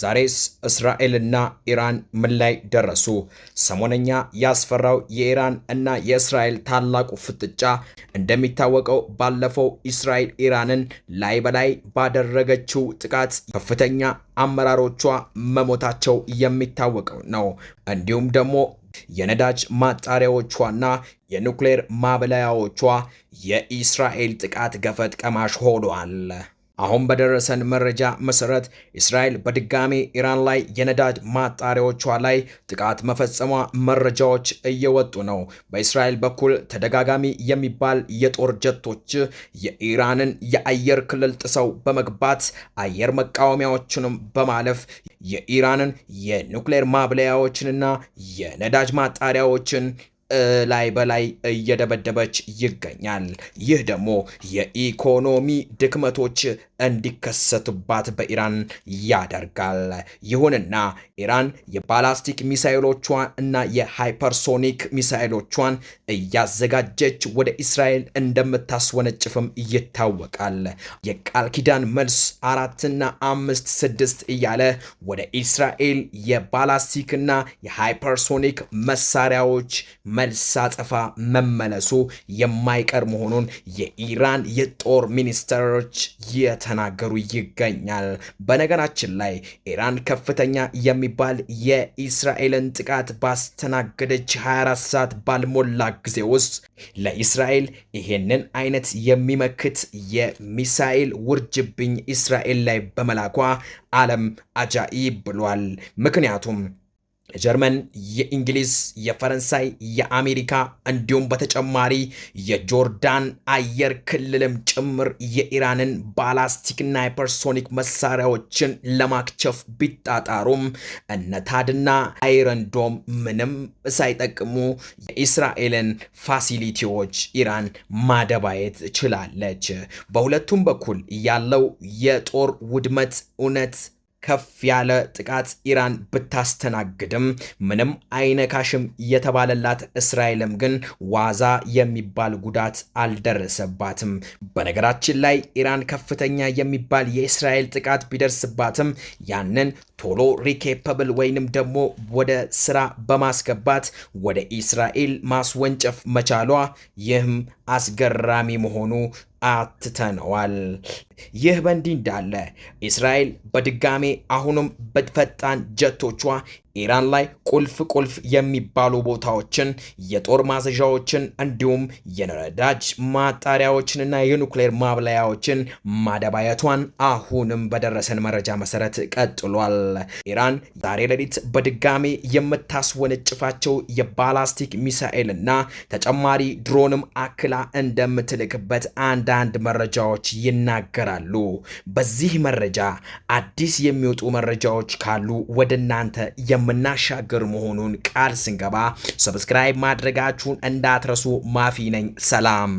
ዛሬስ እስራኤልና ኢራን ምን ላይ ደረሱ? ሰሞነኛ ያስፈራው የኢራን እና የእስራኤል ታላቁ ፍጥጫ እንደሚታወቀው ባለፈው እስራኤል ኢራንን ላይ በላይ ባደረገችው ጥቃት ከፍተኛ አመራሮቿ መሞታቸው የሚታወቀው ነው። እንዲሁም ደግሞ የነዳጅ ማጣሪያዎቿና የኑክሌር ማብለያዎቿ የእስራኤል ጥቃት ገፈት ቀማሽ ሆኗል። አሁን በደረሰን መረጃ መሰረት እስራኤል በድጋሚ ኢራን ላይ የነዳጅ ማጣሪያዎቿ ላይ ጥቃት መፈጸሟ መረጃዎች እየወጡ ነው። በእስራኤል በኩል ተደጋጋሚ የሚባል የጦር ጀቶች የኢራንን የአየር ክልል ጥሰው በመግባት አየር መቃወሚያዎችንም በማለፍ የኢራንን የኑክሌር ማብለያዎችንና የነዳጅ ማጣሪያዎችን ላይ በላይ እየደበደበች ይገኛል። ይህ ደግሞ የኢኮኖሚ ድክመቶች እንዲከሰቱባት በኢራን ያደርጋል። ይሁንና ኢራን የባላስቲክ ሚሳይሎቿን እና የሃይፐርሶኒክ ሚሳይሎቿን እያዘጋጀች ወደ እስራኤል እንደምታስወነጭፍም ይታወቃል። የቃል ኪዳን መልስ አራትና አምስት ስድስት እያለ ወደ እስራኤል የባላስቲክና የሃይፐርሶኒክ መሳሪያዎች መልስ አጸፋ መመለሱ የማይቀር መሆኑን የኢራን የጦር ሚኒስትሮች የተናገሩ ይገኛል። በነገራችን ላይ ኢራን ከፍተኛ የሚባል የኢስራኤልን ጥቃት ባስተናገደች 24 ሰዓት ባልሞላ ጊዜ ውስጥ ለኢስራኤል ይሄንን አይነት የሚመክት የሚሳኤል ውርጅብኝ እስራኤል ላይ በመላኳ ዓለም አጃኢብ ብሏል። ምክንያቱም የጀርመን፣ የእንግሊዝ፣ የፈረንሳይ፣ የአሜሪካ እንዲሁም በተጨማሪ የጆርዳን አየር ክልልም ጭምር የኢራንን ባላስቲክና ሃይፐርሶኒክ መሳሪያዎችን ለማክቸፍ ቢጣጣሩም እነታድና አይረንዶም ምንም ሳይጠቅሙ የኢስራኤልን ፋሲሊቲዎች ኢራን ማደባየት ችላለች። በሁለቱም በኩል ያለው የጦር ውድመት እውነት ከፍ ያለ ጥቃት ኢራን ብታስተናግድም ምንም አይነካሽም የተባለላት እስራኤልም ግን ዋዛ የሚባል ጉዳት አልደረሰባትም። በነገራችን ላይ ኢራን ከፍተኛ የሚባል የእስራኤል ጥቃት ቢደርስባትም ያንን ቶሎ ሪኬፐብል ወይንም ደግሞ ወደ ስራ በማስገባት ወደ ኢስራኤል ማስወንጨፍ መቻሏ ይህም አስገራሚ መሆኑ አትተነዋል። ይህ በእንዲህ እንዳለ እስራኤል በድጋሜ አሁንም በፈጣን ጀቶቿ ኢራን ላይ ቁልፍ ቁልፍ የሚባሉ ቦታዎችን፣ የጦር ማዘዣዎችን እንዲሁም የነዳጅ ማጣሪያዎችንና የኑክሌር ማብለያዎችን ማደባየቷን አሁንም በደረሰን መረጃ መሰረት ቀጥሏል። ኢራን ዛሬ ሌሊት በድጋሜ የምታስወነጭፋቸው የባላስቲክ ሚሳኤልና ተጨማሪ ድሮንም አክላ ሌላ እንደምትልክበት አንዳንድ መረጃዎች ይናገራሉ። በዚህ መረጃ አዲስ የሚወጡ መረጃዎች ካሉ ወደ እናንተ የምናሻገር መሆኑን ቃል ስንገባ ሰብስክራይብ ማድረጋችሁን እንዳትረሱ። ማፊ ነኝ። ሰላም